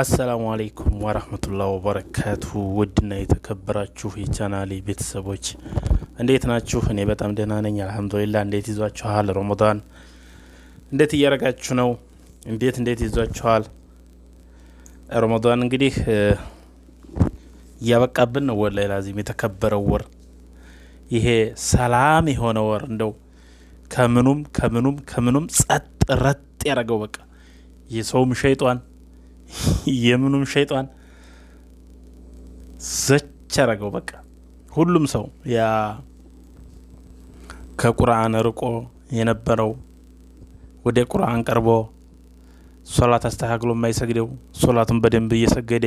አሰላሙ አለይኩም ወረህመቱላህ ወበረካቱ። ውድና የተከበራችሁ የቻናሌ ቤተሰቦች እንዴት ናችሁ? እኔ በጣም ደህና ነኝ አልሐምዱሊላህ። እንዴት ይዟችኋል? ረመዳን እንዴት እያረጋችሁ ነው? እንዴት እንዴት ይዟችኋል? ረመዳን እንግዲህ እያበቃብን ነው። ወላሂ ላዚም የተከበረው ወር ይሄ ሰላም የሆነ ወር እንደው ከምኑም ከምኑም ከምኑም ጸጥ ረጥ ያደረገው በቃ የሰውም ሸይጧን የምኑም ሸይጣን ዘች ያረገው። በቃ ሁሉም ሰው ያ ከቁርአን ርቆ የነበረው ወደ ቁርአን ቀርቦ ሶላት አስተካክሎ የማይሰግደው ሶላቱን በደንብ እየሰገደ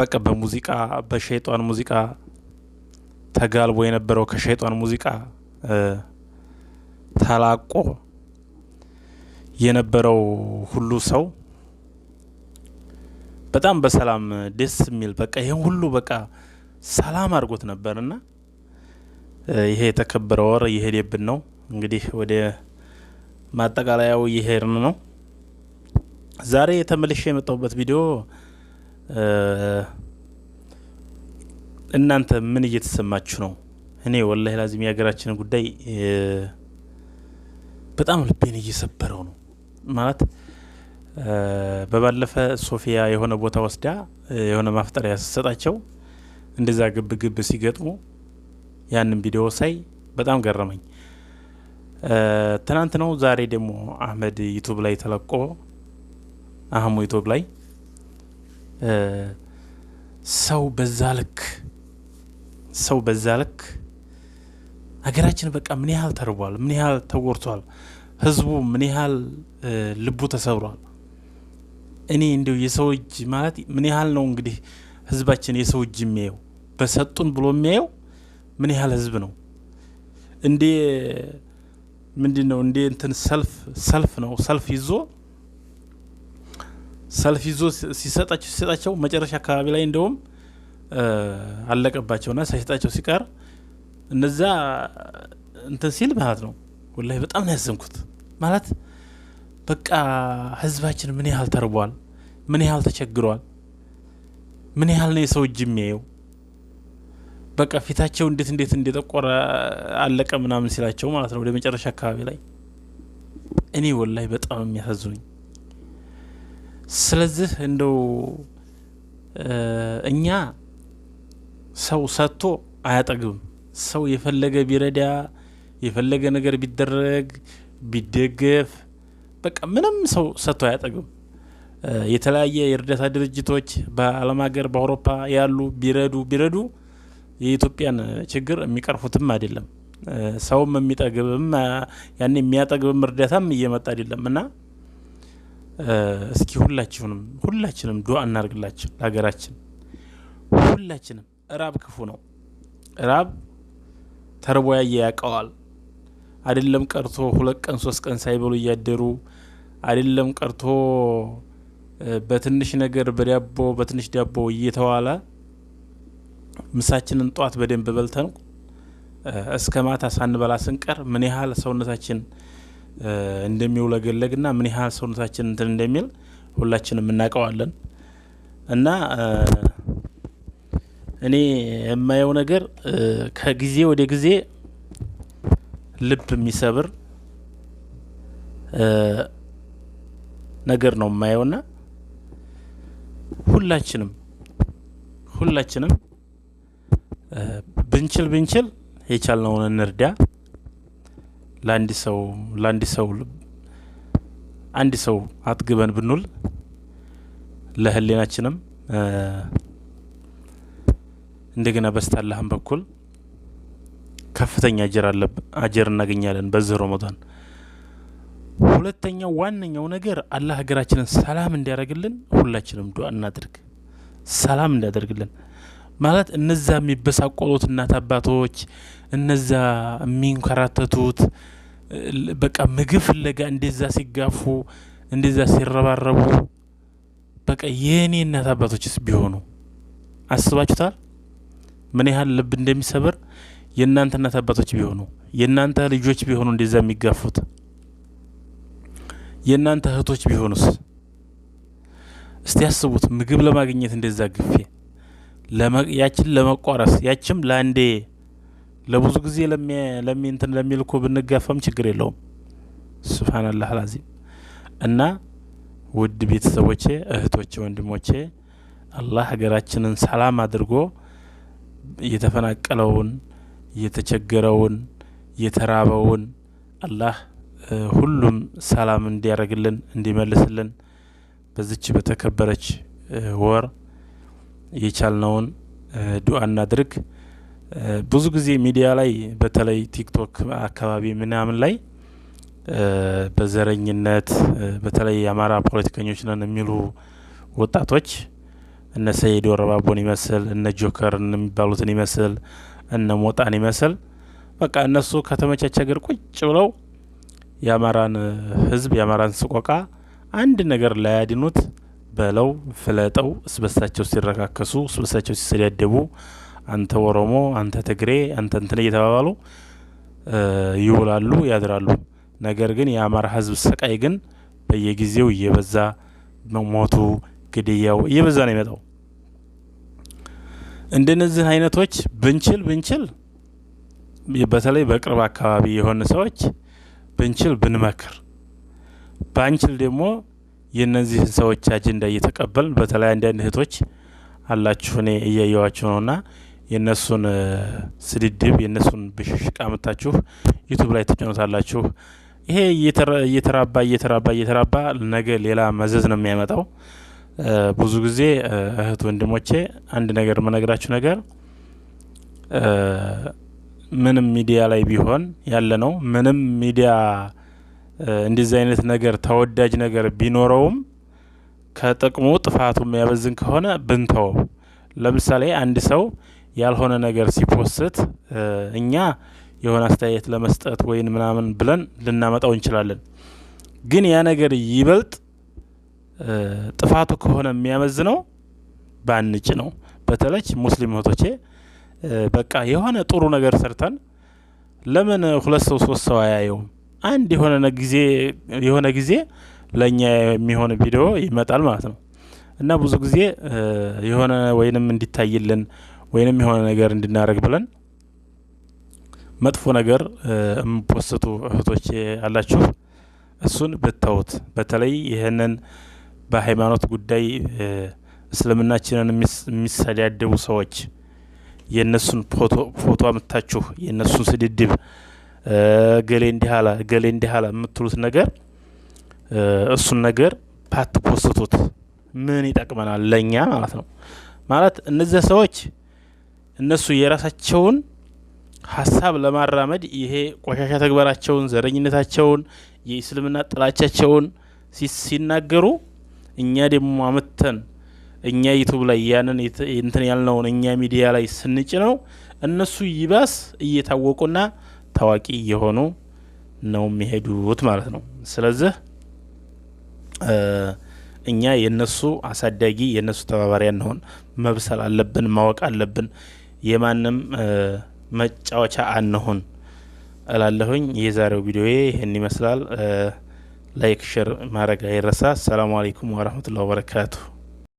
በቃ በሙዚቃ በሸይጧን ሙዚቃ ተጋልቦ የነበረው ከሸይጧን ሙዚቃ ተላቆ የነበረው ሁሉ ሰው በጣም በሰላም ደስ የሚል በቃ ይህን ሁሉ በቃ ሰላም አድርጎት ነበር። እና ይሄ የተከበረ ወር እየሄደብን ነው። እንግዲህ ወደ ማጠቃለያው እየሄድን ነው። ዛሬ ተመልሼ የመጣሁበት ቪዲዮ እናንተ ምን እየተሰማችሁ ነው? እኔ ወላሂ ላዚም የሀገራችን ጉዳይ በጣም ልቤን እየሰበረው ነው። ማለት በባለፈ ሶፊያ የሆነ ቦታ ወስዳ የሆነ ማፍጠሪያ ስሰጣቸው እንደዛ ግብ ግብ ሲገጥሙ ያንን ቪዲዮ ሳይ በጣም ገረመኝ። ትናንት ነው ዛሬ ደግሞ አህመድ ዩቱብ ላይ ተለቆ አህሙ ዩቱብ ላይ ሰው በዛ ልክ ሰው በዛ ልክ ሀገራችን በቃ ምን ያህል ተርቧል፣ ምን ያህል ተጎርቷል ህዝቡ ምን ያህል ልቡ ተሰብሯል። እኔ እንዲሁ የሰው እጅ ማለት ምን ያህል ነው እንግዲህ ህዝባችን የሰው እጅ የሚያየው በሰጡን ብሎ የሚያየው ምን ያህል ህዝብ ነው? እንዴ ምንድን ነው እንዴ እንትን ሰልፍ ሰልፍ ነው ሰልፍ ይዞ ሰልፍ ይዞ ሲሰጣቸው ሲሰጣቸው መጨረሻ አካባቢ ላይ እንደውም አለቀባቸውና ሳይሰጣቸው ሲቀር እነዛ እንትን ሲል ማለት ነው። ወላሂ በጣም ነው ያዘንኩት። ማለት በቃ ህዝባችን ምን ያህል ተርቧል፣ ምን ያህል ተቸግሯል፣ ምን ያህል ነው የሰው እጅ የሚያየው። በቃ ፊታቸው እንዴት እንዴት እንደጠቆረ አለቀ ምናምን ሲላቸው ማለት ነው ወደ መጨረሻ አካባቢ ላይ እኔ ወላይ በጣም የሚያሳዝኑኝ። ስለዚህ እንደው እኛ ሰው ሰጥቶ አያጠግብም። ሰው የፈለገ ቢረዳ የፈለገ ነገር ቢደረግ ቢደገፍ በቃ ምንም ሰው ሰጥቶ አያጠግም። የተለያየ የእርዳታ ድርጅቶች በዓለም ሀገር በአውሮፓ ያሉ ቢረዱ ቢረዱ የኢትዮጵያን ችግር የሚቀርፉትም አይደለም። ሰውም የሚጠግብም ያን የሚያጠግብም እርዳታም እየመጣ አይደለም እና እስኪ ሁላችሁንም ሁላችንም ዱአ እናርግላችሁ ለሀገራችን። ሁላችንም እራብ ክፉ ነው። እራብ ተርቦ ያየ ያውቀዋል። አይደለም ቀርቶ ሁለት ቀን ሶስት ቀን ሳይበሉ እያደሩ አይደለም ቀርቶ በትንሽ ነገር በዳቦ በትንሽ ዳቦ እየተዋለ ምሳችንን ጧት በደንብ በልተን እስከ ማታ ሳንበላ ስንቀር ምን ያህል ሰውነታችን እንደሚውለገለግና ምን ያህል ሰውነታችን እንትን እንደሚል ሁላችንም እናውቀዋለን። እና እኔ የማየው ነገር ከጊዜ ወደ ጊዜ ልብ የሚሰብር ነገር ነው የማየውና ሁላችንም ሁላችንም ብንችል ብንችል የቻልነውን እንርዳ። ለአንድ ሰው ለአንድ ሰው አንድ ሰው አጥግበን ብንውል ለህሊናችንም እንደገና በስታላህም በኩል ከፍተኛ አጀር አጀር እናገኛለን በዚህ ረመዳን። ሁለተኛው ዋነኛው ነገር አላህ ሀገራችንን ሰላም እንዲያደርግልን ሁላችንም ዱ እናድርግ፣ ሰላም እንዲያደርግልን ማለት እነዛ የሚበሳቆሉት እናት አባቶች፣ እነዛ የሚንከራተቱት በቃ ምግብ ፍለጋ እንደዛ ሲጋፉ እንደዛ ሲረባረቡ በቃ የእኔ እናት አባቶችስ ቢሆኑ አስባችሁታል ምን ያህል ልብ እንደሚሰብር የእናንተ እናት አባቶች ቢሆኑ የእናንተ ልጆች ቢሆኑ እንደዛ የሚጋፉት የእናንተ እህቶች ቢሆኑስ? እስቲ ያስቡት። ምግብ ለማግኘት እንደዛ ግፌ ያችን ለመቋረስ ያችም ለአንዴ ለብዙ ጊዜ ለሚንትን ለሚልኮ ብንጋፋም ችግር የለውም። ስብሓንላህ ላዚም እና ውድ ቤተሰቦቼ፣ እህቶቼ፣ ወንድሞቼ አላህ ሀገራችንን ሰላም አድርጎ የተፈናቀለውን የተቸገረውን የተራበውን አላህ ሁሉም ሰላም እንዲያደርግልን እንዲመልስልን በዚች በተከበረች ወር የቻልነውን ዱአ እናድርግ። ብዙ ጊዜ ሚዲያ ላይ በተለይ ቲክቶክ አካባቢ ምናምን ላይ በዘረኝነት በተለይ የአማራ ፖለቲከኞች ነን የሚሉ ወጣቶች እነ ሰይድ ወረባቦን ይመስል እነ ጆከርን የሚባሉትን ይመስል እነ ሞጣን ይመስል በቃ እነሱ ከተመቻቸ እግር ቁጭ ብለው የአማራን ህዝብ የአማራን ስቆቃ አንድ ነገር ላያድኑት በለው ፍለጠው እስበሳቸው ሲረካከሱ እስበሳቸው ሲሰዳደቡ አንተ ኦሮሞ፣ አንተ ትግሬ፣ አንተ እንትን እየተባባሉ ይውላሉ ያድራሉ። ነገር ግን የአማራ ህዝብ ስቃይ ግን በየጊዜው እየበዛ መሞቱ፣ ግድያው እየበዛ ነው የመጣው። እንደነዚህ አይነቶች ብንችል ብንችል በተለይ በቅርብ አካባቢ የሆኑ ሰዎች ብንችል ብንመክር፣ ባንችል ደግሞ የእነዚህን ሰዎች አጀንዳ እየተቀበልን በተለይ አንዳንድ እህቶች አላችሁ እኔ እያየዋችሁ ነውና የእነሱን ስድድብ የእነሱን ብሽሽቅ አምታችሁ ዩቱብ ላይ ትጭኑታላችሁ። ይሄ እየተራባ እየተራባ እየተራባ ነገ ሌላ መዘዝ ነው የሚያመጣው። ብዙ ጊዜ እህት ወንድሞቼ አንድ ነገር መነግራችሁ ነገር ምንም ሚዲያ ላይ ቢሆን ያለ ነው። ምንም ሚዲያ እንደዚህ አይነት ነገር ተወዳጅ ነገር ቢኖረውም ከጥቅሙ ጥፋቱ የሚያበዝን ከሆነ ብንተወው። ለምሳሌ አንድ ሰው ያልሆነ ነገር ሲፖስት እኛ የሆነ አስተያየት ለመስጠት ወይን ምናምን ብለን ልናመጣው እንችላለን። ግን ያ ነገር ይበልጥ ጥፋቱ ከሆነ የሚያመዝነው ባንጭ ነው። በተለች ሙስሊም እህቶቼ በቃ የሆነ ጥሩ ነገር ሰርተን ለምን ሁለት ሰው ሶስት ሰው አያየውም? አንድ የሆነ ጊዜ ለእኛ የሚሆን ቪዲዮ ይመጣል ማለት ነው። እና ብዙ ጊዜ የሆነ ወይንም እንዲታይልን ወይንም የሆነ ነገር እንድናደርግ ብለን መጥፎ ነገር የምፖስቱ እህቶች አላችሁ። እሱን ብታውት በተለይ ይህንን በሃይማኖት ጉዳይ እስልምናችንን የሚሰዳደቡ ሰዎች የእነሱን ፎቶ አምታችሁ የእነሱን ስድድብ ገሌ እንዲህ አለ ገሌ እንዲህ አለ የምትሉት ነገር እሱን ነገር ፓት ባትፖስቱት ምን ይጠቅመናል ለእኛ ማለት ነው። ማለት እነዚያ ሰዎች እነሱ የራሳቸውን ሀሳብ ለማራመድ ይሄ ቆሻሻ ተግባራቸውን፣ ዘረኝነታቸውን፣ የእስልምና ጥላቻቸውን ሲናገሩ እኛ ደግሞ አመተን እኛ ዩቱብ ላይ ያንን እንትን ያልነውን እኛ ሚዲያ ላይ ስንጭ ነው እነሱ ይባስ እየታወቁና ታዋቂ እየሆኑ ነው የሚሄዱት ማለት ነው። ስለዚህ እኛ የነሱ አሳዳጊ የነሱ ተባባሪ እንሆን መብሰል አለብን፣ ማወቅ አለብን። የማንም መጫወቻ አንሆን እላለሁኝ። የዛሬው ቪዲዮዬ ይህን ይመስላል። ላይክ፣ ሸር ማድረግ አይረሳ። አሰላሙ አሌይኩም ወረህመቱላሂ ወበረካቱሁ።